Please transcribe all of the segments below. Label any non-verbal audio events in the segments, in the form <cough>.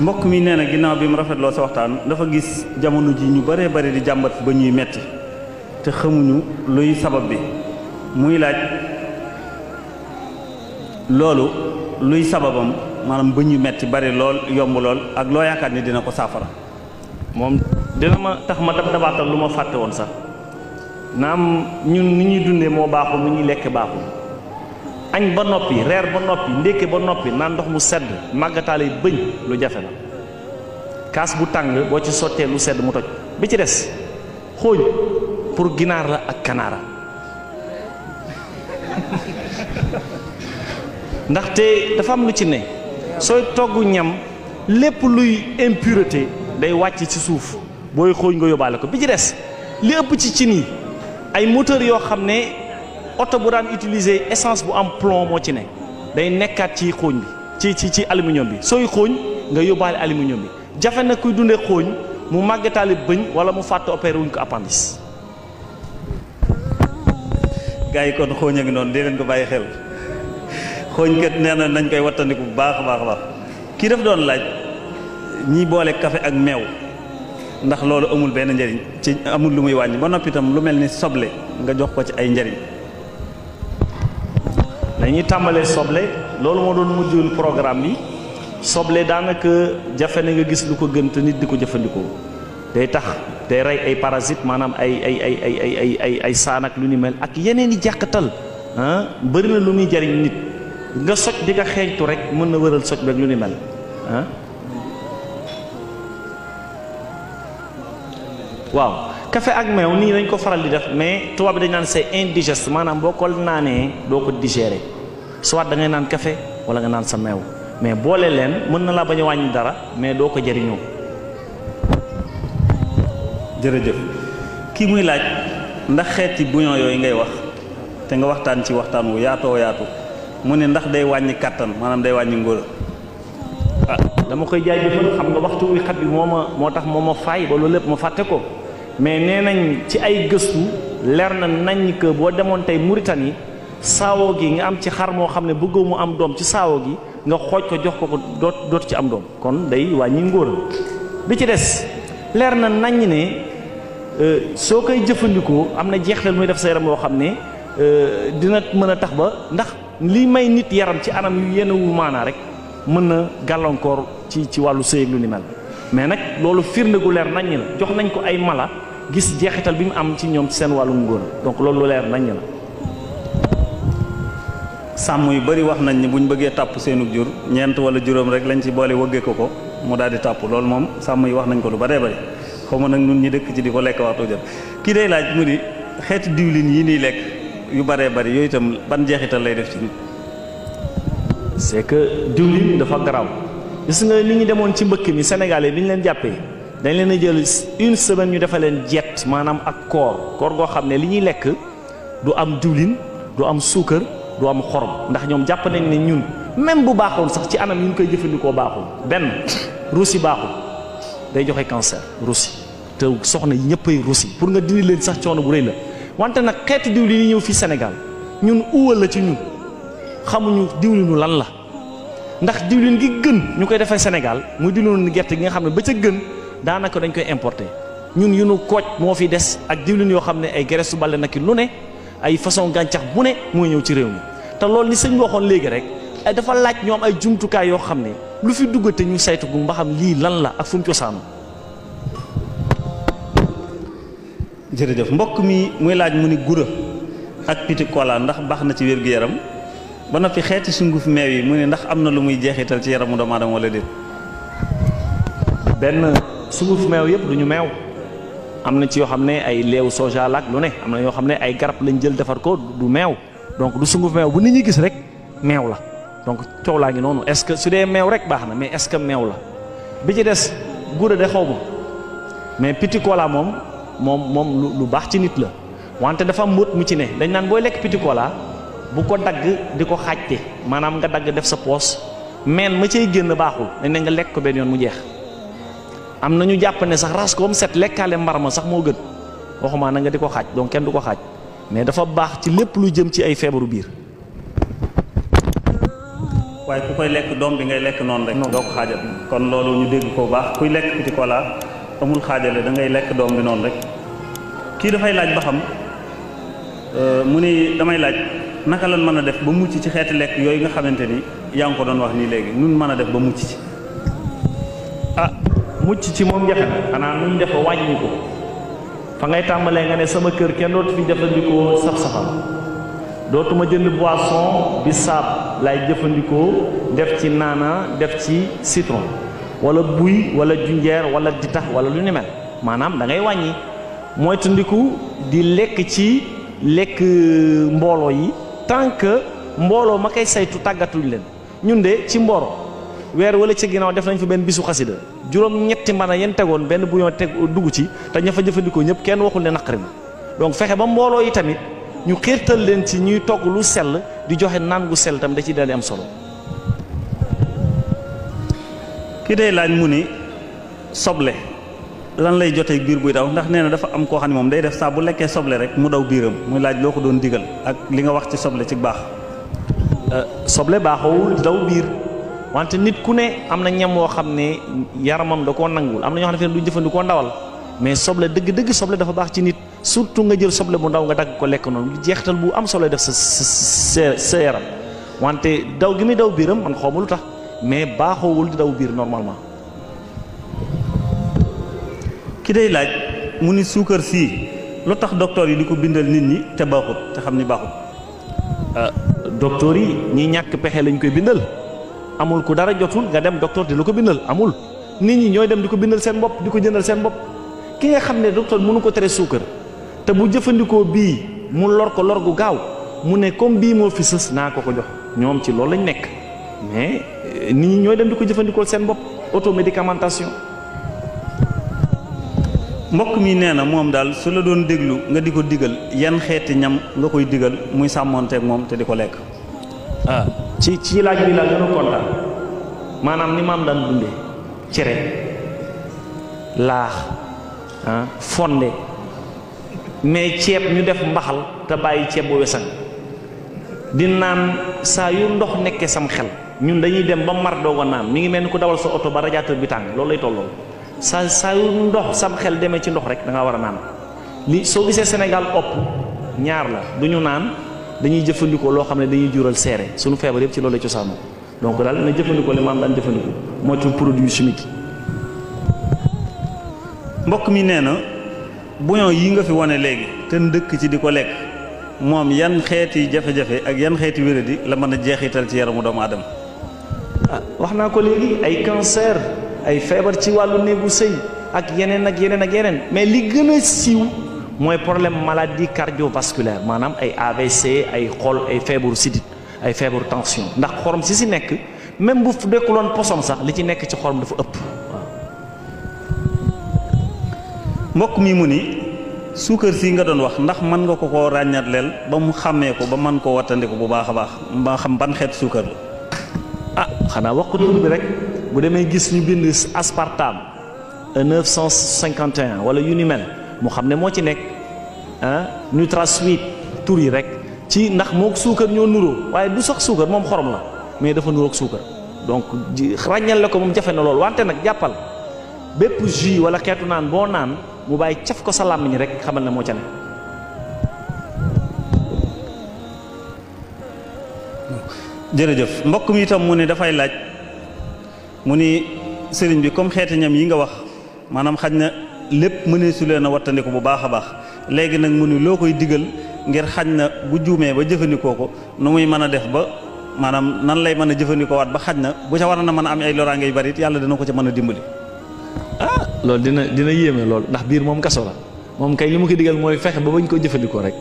mbokk mi nee na ginnaaw bi mu rafetloo sa waxtaan dafa gis jamono ji ñu bëree bëri di jàmbat ba ñuy metti te xamuñu luy sabab bi muy laaj loolu luy sababam maanaam ba ñuy metti bari lool yomb lool ak loo yaakaar ni dina ko saafara moom dina ma tax ma dab dabaatal lu ma fàtte woon sax naam ñun ni ñuy dundee moo baaxul mu ñuy lekk baaxul añ ba noppi reer ba noppi ndékke ba noppi naan ndox mu sedd màggataale bëñ lu jafe la kaas bu tàng boo ci sottee lu sedd mu toj bi ci des xooj pour ginaar la ak kanaara <laughs> ndaxte dafa am lu ci ne sooy togg ñam lépp luy impureté day wàcc ci suuf booy xooñ nga yóbbaale ko bi ci des li ëpp ci cin yi ay moteur yoo xam ne oto bu daan utiliser essence bu am plomb moo ci ne day nekkaat ci xooñ bi ci ci ci aluminium bi sooy xooñ nga yóbbaale aluminium bi jafe na kuy dunde xooñ mu màggataale bëñ wala mu fàtte opéré wuñ ko appendice. gars yi kon xooñ a ngi noonu dee leen ko bàyyi xel xooñ kat nee na nañ koy wattandiku bu baax baax a baax kii daf doon laaj ñi boole kafe ak meew. ndax loolu amul benn njëriñ ci amul lu muy wàññi ba noppi itam lu mel ni soble nga jox ko ci ay njariñ dañuy tàmbalee soble loolu moo doon mujjul programme bi soble daanaka jafe na nga gis lu ko gën te nit di ko jëfandikoo day tax day rey ay parasites maanaam ay ay ay ay ay ay ay saan ak lu ni mel ak yeneen i jàkkatal ah lu muy jariñ nit nga soj di nga xeeñtu rek mën na wëral soj beeg lu ni mel ah waaw. kafe ak meew nit ñi dañ ko faral di def mais tubaab bi dañ naan c'est indigeste maanaam boo ko naanee doo ko digérer soit da ngay naan café wala nga naan sa meew mais boole leen mën na laa bañ a wàññi dara mais doo ko jariñoo jërëjëf kii muy laaj ndax xeeti bouillon yooyu ngay wax te nga waxtaan ci waxtaan wu yaatoo yaatu mu ne ndax day wàññi kàttan maanaam day wàññi ngóor ah dama koy jaajëfal xam nga waxtu wi xat bi moo ma moo tax moo ma faay ba loolu lépp ma fàtte ko. mais nee nañ ci ay gëstu leer na nañ que boo demoon tey Mauritanie saawoo gi nga am ci xar moo xam ne bëggoo mu am doom ci saawoo gi nga xooj ko jox ko ko doot dootu ci am doom kon day wàññi ngóor bi ci des leer na nañ ne euh, soo koy jëfandikoo am na jeexleel muy def sa yaram yoo xam ne euh, dina mën a tax ba ndax li may nit yaram ci anam yu yenn wu maanaa rek mën na gàllankoor ci ci wàllu sëy ak lu ni mel mais nag loolu firnde gu leer nañ la jox nañ ko ay mala. gis jeexital bi mu am ci ñom ci seen walu ngóor donc loolu lu leer nañ la sàmm yu bari wax nañ ni buñ bëgge tap seenu jur ñent wala juróom rek lañ ci boole wëgge ko ko mu daal di tàpp loolu mom sàmm yi wax nañ ko lu bare bare xawma nak ñun ñi dëkk ci diko lek waxtu jot day laaj mu di xet diwlin yi ni lek yu bare bare yoy tam ban jeexital lay def ci nit c'est que diwlin dafa graw gis nga ni ñi demone ci mbëkk mi sénégalais bi leen jappé dañ leen jël une semaine ñu defaleen jet manam ak koor koor go xamne ne li ñuy lek du am diwlin du am sucre du am xorom ndax ñom japp nañ ni ñun même bu baaxoon sax ci anam ñu koy jëfëndiko baxul Rusi russi baxul day joxe cancer russi te soxna ñeppay russi pour nga dindi leen sax coono bu reey la wante nak xet diwlin yi ñëw fii Sénégal ñun uwal la ci ñun xamuñu diwlinu lan la ndax diwlin gi gën ñu koy senegal mu diwlinu gerte gi nga xamne ba ca gën daanaka dañ koy importe ñun yu nu kooj moo fi des ak diwlin yoo xam ne ay graisse su bale nag lu ne ay façon gàncax bu ne mooy ñëw ci réew mi te loolu li sëñ bi waxoon léegi rek dafa laaj ñoom ay jumtukaay yoo xam ne lu fi te ñu saytu gu mbaxam xam lii lan la ak fu mu cosaanu jërëjëf mbokk mi muy laaj mu ni gura ak pitikola ndax baax na ci wér-gu-yaram ba noppi xeeti sunguf meew yi mu ne ndax am na lu muy jeexital ci yaramu doomu aadama wala déet sunguf meew yëpp duñu ñu meew am ci yo xam ay leew soja lak lu ne amne yo yoo ay garap lañ jël defar ko du meew donc du sunguf meew bu nit ñi gis rek meew la donc eske la ngi nonu est-ce que su dé meew rek baxna mais est-ce que meew la bi ci dess de xaw mais petit cola mom mom mom lu bax ci nit la wante dafa mut mu ci ne dañ nan boy lek petit cola bu ko dag di ko xaajte nga dag def sa pos men ma cey genn baxul dañ ne nga lek ko ben yon mu jeex amna ñu komset ne sax ras koom set lekkale mbarma sax mo geut waxuma na nga diko xaj donc kenn duko xaj mais dafa bax ci lepp lu jëm ci ay feebaru bir way ku koy lek dom bi ngay lek non rek do ko xajal kon lolu ñu deg ko bax kuy lek ci cola amul xaajale da ngay lek dom bi non rek da fay laaj ba xam euh, mu ni damay laaj naka lan mëna a def ba mucc ci lek yoy nga xamanteni ni ko doon wax ni légui nun mëna def ba mucc ci ah mucc ci mom njaxan xanaa nuñ def wàññi ko fa ngay tàmbalee nga ne sama kër kenn dootu fi jëfandikoo saf-safal dootuma jënd boisson bi sap lay jëfandikoo def ci nana def ci citron wala buy wala junjeer wala ditax wala lu ni mel manam da ngay wañi moy tundiku di lek ci lek euh, mbolo yi tant que mbolo makay saytu tagatuñ len ñun de ci mboro weer wala ci ginaaw def nañ ben bisu xasida juróom ñetti mën a yéen tegoon benn bu ñoo teg dugg ci te ña fa jëfandikoo ñëpp kenn waxul ne naqari na donc fexe ba mbooloo yi tamit ñu xiirtal leen ci ñuy togg lu sell di joxe naan gu sell tamit da ciy daldi am solo. ki day laaj mu ni soble lan lay jotee biir buy daw ndax nee na dafa am koo xam ne moom day def saa bu lekkee soble rek mu daw biiram muy laaj loo ko doon digal ak li nga wax ci soble ci baax. Euh, soble baaxawul daw biir. wante nit ku ne amna na ñam woo xamne yaramam da ko nangul amna na xamne xam ne duñ jëfandikoo ndawal mais soble deug deug soble dafa bax ci nit surtout nga jël soble bu ndaw nga dag ko lekk noonu jeextal bu am soble def sa sa yaram wante daw gi mi daw biram man xomul tax mais baaxoowul di daw bir normalement ki day laaj mu ni sucre si lu tax docteur yi di bindal nit ñi te baaxut te xamni ni euh docteur yi ñi ñak pexé lañ koy bindal amul ku dara jotul nga dem docteur di lu ko bindal amul nit ñi ñooy dem di ko bindal seen bopp di ko jëndal seen bopp ki nga xam ne docteur mënu ko tere suukar te bu jëfandikoo bii mu lor ko lor gu gaaw mu ne comme bii moo fi sës naa ko ko jox ñoom ci loolu lañ nekk mais euh, nit ñi ñooy dem di ko jëfandikoo seen bopp automédicamentation. mbokk mi nee na moom daal su la doon déglu nga di ko diggal yan xeeti ñam nga koy diggal muy sàmmoonteeg moom te di ko lekk ah. ci ci laaj bi la gëna kontaan manam ni mam daan dundé cere laax fonde mais ciép ñu def mbaxal te bayyi ciép bu wessal di nan sa yu ndox nekké sam xel ñun dañuy dem ba mar do wonam mi ngi melni ku dawal sa auto ba radiateur bi tang loolu lay tolloo sa yu ndox sam xel démé ci ndox rek da nga wara nan li so gisé Sénégal op ñaar la duñu nan dañuy jëfandikoo loo xam ne dañuy jural seere suñu feebar yëpp ci loolu la cosaanu donc daal na jëfandikoo li maam daan jëfandikoo moytu produit chimique mbokk mi nee na bouillon yi nga fi wane léegi te ndëkk ci di ko lekk moom yan xeeti jafe-jafe ak yan xeeti wéradi la mën a jeexital ci yaramu doomu aadama ah, wax naa ko léegi ay cancer ay feebar ci wàllu néegu sëy ak yeneen ak yeneen ak yeneen mais li gën a siiw moy problème maladie cardiovasculaire manam ay AVC ay xol ay fièvre sidit ay fièvre tension ndax xorom si si nek même bu dekkuloon posom sax li ci nek ci xorom dafa ëpp waaw mbokk mi muni ni si nga doon wax ndax man nga ko ko ràññat lel ba mu xamé ko ba man ko koo ko bu baakha a baax ba xam ban xet suukar ah xana wax ko tur bi rek bu demee gis ñu bind aspartame 951 wala yu ni mu xam ne moo ci nekk ah NutraSweet tour yi rek ci ndax moog suukar ñoo nuroo waaye du sax suukar moom xorom la mais dafa nuróog suukar donc ràññal la ko moom jafe na loolu wante nag jàppal bépp jus wala xeetu naan boo naan mu bàyyi caf ko sa làmmiñ rek xamal ne moo ca nekk. jërëjëf mbokk mi itam mu ne dafay laaj mu ni sëriñ bi comme xeeti ñam yi nga wax maanaam xaj na. lépp mënee su leen a wattandiku bu baax a baax léegi nag mu ni loo koy digal ngir xañ na bu juumee ba jëfandikoo ko nu muy mën a def ba maanaam nan lay mën a jëfandikoo waat ba xaj na bu ca waroon na mën a am ay loraange yu bari yàlla dina ko ca mën a dimbali. ah loolu dina dina yéeme loolu ndax biir moom kaso la moom kay li mu ko digal mooy fexe ba ba bañ ko jëfandikoo rek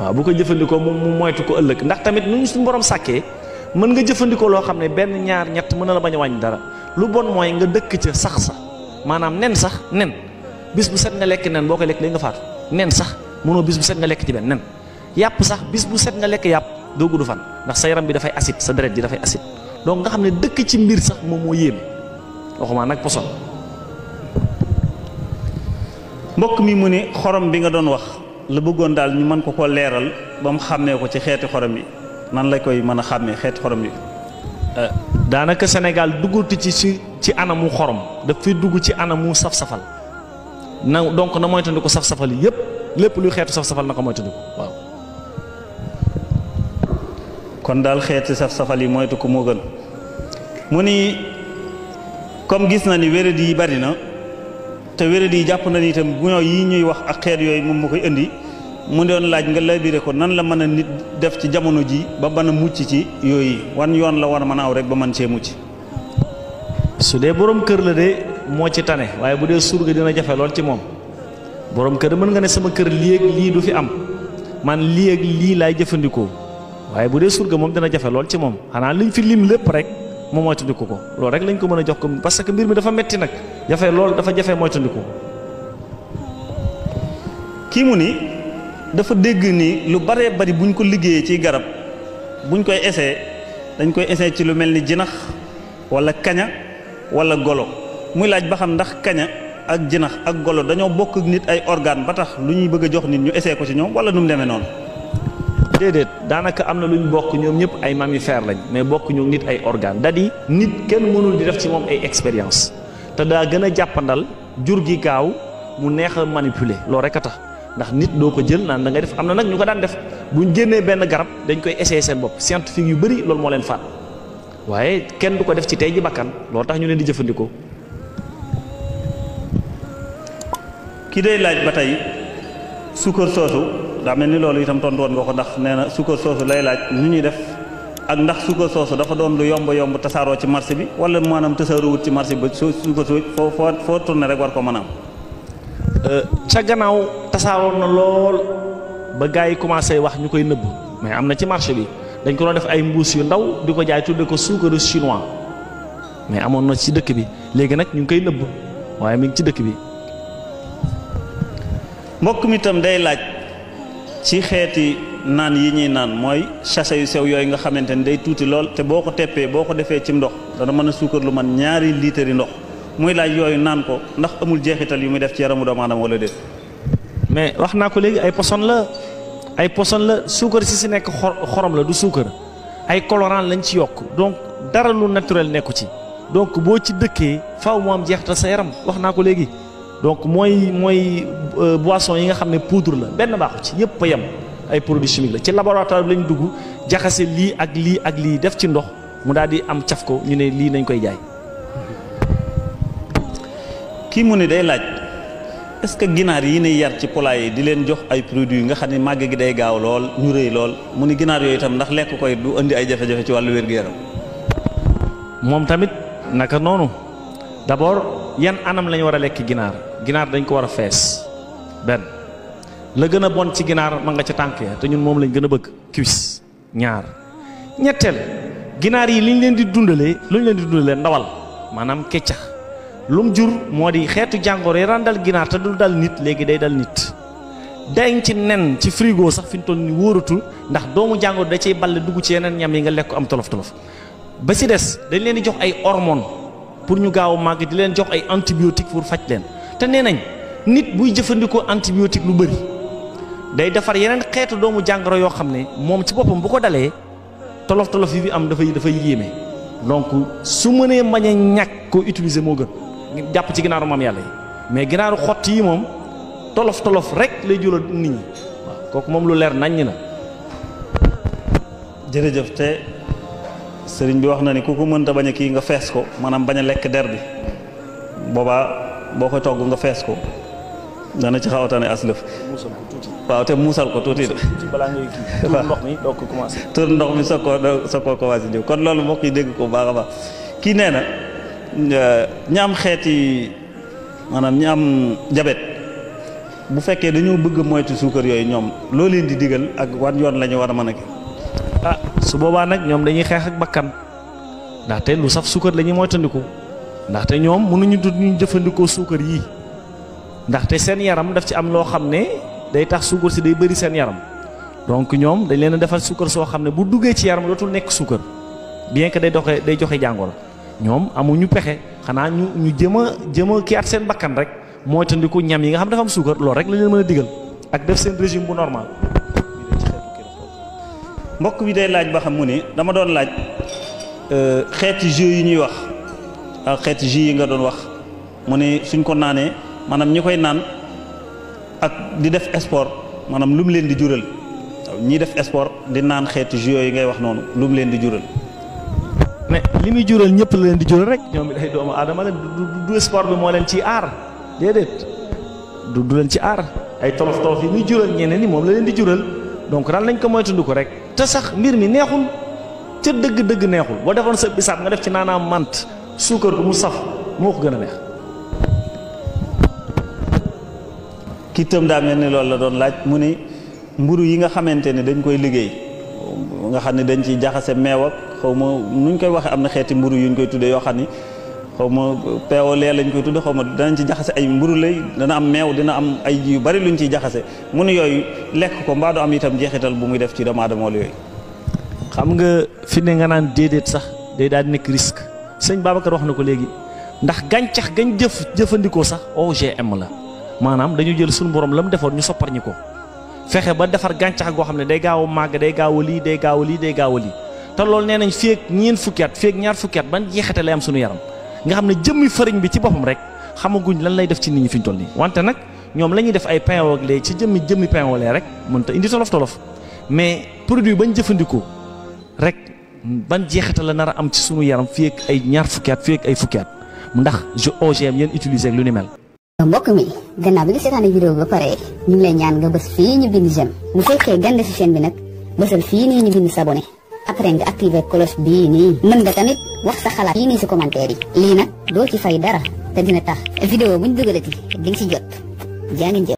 waaw bu ko jëfandikoo mu moytu ko ëllëg ndax tamit nu ñu suñu borom sàkkee mën nga jëfandikoo loo xam ne benn ñaar ñett mën na la bañ a wàññi dara lu bon mooy nga dëkk ca sax sa maanaam nen sax nen. bis bu set nga lek nen boko lek nga fat nen sax mono bis bu set nga lek ci ben nen yap sax bis bu set nga lek yap do gudu fan ndax sa yaram bi fay acide sa deret da fay acide donc nga xamne dekk ci mbir sax mom mo waxuma nak poson mbok mi mu xorom bi nga don wax la bëggoon dal ñu man ko ko leeral bam xamé ko ci xeeti xorom yi nan lay koy mëna xamé xàmmee xorom yi euh, danaka Sénégal dugul ci ci anamu xorom da fi dugul ci anamu saf-safal na donc na moytandiku saf-safal yépp lépp luy xeetu saf-safal na ko moytandiku waaw. kon daal xeeti saf-safal yi moytu ko moo gën mu ni comme gis na ni wéradi yi bari na te wéradi yi jàpp na ni itam ñuy wax ak xeet yooyu moom mu koy indi mu doon laaj nga labiré ko nan la mën a nit def ci jamono ji ba mën a mucc ci yooyu wan yoon la war a mën a aw rek ba mën cee mucc. su dee borom kër la de. moo ci tane waaye bu dee suur surga dina jafe lool ci moom borom kër mën nga ne sama kër lii ak lii du fi am man lii ak lii laay jëfandikoo waaye bu dee ga moom dina jafe lool ci moom xanaa liñ fi lim lépp rek mu moytandiku ko loolu rek lañ ko mën a jox ko parce que mbir mi dafa metti nag jafe lool dafa jafe moytandiku kii mu ni dafa dégg ni lu baree bari buñ ko liggéeyee ci garab buñ koy essayé dañ koy essayé ci lu mel ni jinax walla kaña wala golo muy laaj ba xam ndax kaña ak jinax ak golo dañoo bokk nit ay organe ba tax lu ñuy bëgg jox nit ñu essayé ko ci ñoom wala nu mu demee noonu déedéet daanaka am na lu ñu bokk ñoom ñëpp ay mammifère lañ mais bokk ñu nit ay organe Dadi di nit kenn mënul di def ci moom ay expérience te daa gën a jàppandal jur gi gaaw mu neex a manipuler loolu rek a tax ndax nit doo ko jël naan da nga def am na nag ñu ko daan def buñ génnee benn garab dañ koy essayé seen bopp scientifique yu bëri loolu moo leen faat waaye kenn du ko def ci tey ji bakkan loolu tax ñu leen di jëfandikoo ki day laaj ba tey sukkar soosu daa mel ni loolu itam tontu woon nga ko ndax nee na sukkar soosu lay laaj nu ñuy def ak ndax sukkar soosu dafa doon lu yomb yomb tasaaroo ci marché bi wala maanaam tasaaroowut ci marché bi ba su sukkar soo foo foo foo tourné rek war ko mën euh, ca gannaaw tasaaroon na lool ba gars yi commencé wax ñu koy nëbb mais am na ci marché bi dañ ko doon def ay mbuus yu ndaw di ko jaay tudde ko suukaru chinois mais amoon na ci dëkk bi léegi nag ñu ngi koy nëbb waaye mi ngi ci dëkk bi. mbokk mi itam day laaj ci xeeti naan yi ñuy naan mooy sachet yu sew yooyu nga xamante ni day tuuti lool te boo ko teppee boo ko defee ci ndox dana mën a suukar lu man ñaari litre yi ndox muy laaj yooyu naan ko ndax amul jeexital yu muy def ci yaramu doomu aadama wala déet. mais wax naa ko léegi ay poson la ay poson la suukar si si nekk xorom la du suukar ay colorant lañ ci yokk donc dara lu naturel nekku ci donc boo ci dëkkee faw mu am jeexital sa yaram wax naa ko léegi. donc mooy mooy euh, boisson yi nga xam ne poudre la benn baaxu ci yëpp a yem ay produit chimiques la ci laboratoire bi lañ dugg jaxase lii ak lii ak lii def ci ndox mu daal di am caf ko ñu ne lii nañ koy jaay. kii mu ne day laaj est-ce que ginaar yi ñuy yar ci poulailler yi di leen jox ay produit yi nga xam ne màgg gi day gaaw lool ñu rëy lool mu ne ginaar yooyu itam ndax lekk koy du indi ay jafe-jafe ci wàllu wér-gu-yaram. moom tamit naka noonu. d'abord yan anam lañu war a lekk ginaar ginaar dañ ko war a fees benn la gën a bon ci ginaar ma nga ca tànk ya te ñun moom lañ gën a bëgg cuisse ñaar ñetteel ginaar yi liñ leen di dundalee lu ñu leen di dundalee ndawal maanaam keccax lum jur moo di xeetu jàngoor yi daan ginaar te du dal nit léegi day dal nit dañ ci nen ci frigo sax fi ñu toll ni wóoratul ndax doomu jàngoro da ciy balle dugg ci yeneen ñam yi nga lekk ko am tolof tolof ba si des dañ leen di jox ay hormones pour ñu gaaw a màgg di leen jox ay antibiotique pour faj leen te nee nañ nit buy jëfandikoo antibiotique lu bëri day defar yeneen xeetu doomu jàngaro yoo xam ne moom ci boppam bu ko dalee tolof tolof yi bi am dafay dafay yéeme donc su mënee mañ a ñàkk koo utiliser moo gën jàpp ci ginaaru maam yàlla yi mais ginaaru xott yi moom tolof tolof rek lay jural nit ñi kooku moom lu leer naññ na. sëriñ bi wax na ni ku ko mënta bañ a kii nga fees ko maanaam bañ a lekk der bi boobaa boo ko togg nga fees ko dana ci xaw a tane aslëf waaw te muusal ko tuuti balaa ngay kii tur ndox mi doog ko commencé tur ndox mi soog koo soog koo kon loolu mbokk yi dégg ko baax a baax kii nee na euh, ñi xeeti maanaam ñam am jabet bu fekkee dañoo bëgg moytu suukar yooyu ñoom loo di digal ak wan yoon la ñu war a mën a kii ah su boba nak ñom dañuy xex ak bakkan ndaxte lu saf suukar la ndax moytandiku ñom mënu ñu dut ñu sukkar yi ndax ndaxte seen yaram daf ci am lo xam day tax sukkar ci day bëri seen yaram donc ñom dañ leena defal sukkar so xam bu duggé ci yaram dootul nek sukkar bien que day doxé day joxe ñom Nyom ñu pexé xana ñu ñu jëma jëma ki at seen bakkan rek moytandiku ñam yi nga xam dafa am sukkar lool rek la leen mën ak def seen régime bu normal mbokk bi day laaj ba xam mu ne dama doon laaj euh, xeeti jeu yi ñuy wax ak xeeti jus yi nga doon wax mu ne suñ ko naanee maanaam ñi koy naan ak di def sport maanaam lu mu leen di jural ñi def sport di naan xeeti jeu yi ngay wax noonu lu leen di jural. mais li jural ñëpp la leen di jural rek ñoom it ay doomu aadama la du sport bi moo leen ci aar déedéet du du leen ci aar ay tolof tolof yi muy jural ñeneen ni moom la leen di jural donc nañ ko rek. te sax mbir mi neexul ca dëgg-dëgg neexul boo defoon sa bisaab nga def ci naanaa mant suukar gu mu saf moo ko gën a neex. kii tam daa mel ni loolu la doon laaj mu ni mburu yi nga xamante ne dañ koy liggéey nga xam ne dañ ciy jaxase meew ak xaw ma nuñ koy waxee am na xeeti mburu yuñ koy tuddee yoo xam ni. xaw ma peewo lee lañ koy tudde xaw ma danañ ci jaxase ay mburu lay dana meew dina am ay yu bari luñ ciy jaxase mu yooyu lekk ko mbaa itam jeexital bu muy def ci doomu aadama wala xam nga fi ne nga naan déedéet sax day daal di nekk risque sëñ Babacar wax na ko léegi ndax gàncax gañ jëf jëfandikoo sax OGM la maanaam dañu jël suñu borom la mu defoon ñu soppar ñi ko fexe ba defar gàncax goo xam ne day gaaw a màgg day gaaw a lii day gaaw lii day gaaw a lii te loolu nee nañ fii ak ñeent fukki at fii ñaar fukki at ban jeexite lay am suñu yaram nga xamne jëmmi fariñ bi ci bopam rek xamaguñ lan lay def ci nit ñi fiñ ñu toll nii wante nak ñom lañuy def ay pain lé ci jëmmi jëmmi pain wolé rek ta indi tolof tolof mais produit bañ jëfëndiko rek ban jeexital la nara am ci suñu yaram fi ak ay ñaar fukki at ak ay fukki at ndax je OGM yeen utiliser ak lu ni mel. mbokk mi gannaaw bi nga seetaane vidéo ba pare ñu lay ñaan nga bëss fi ñu bind jëm bu fekkee gënd ci chaîne bi nak bëssal fi ñu bind s'abonné après nga activer cloche bi ni mën nga tamit wax sa xalaat lii nii si commentaire yi lii nag doo ci fay dara te dina tax vidéo buñ dugalati di nga si jot jaa ngeen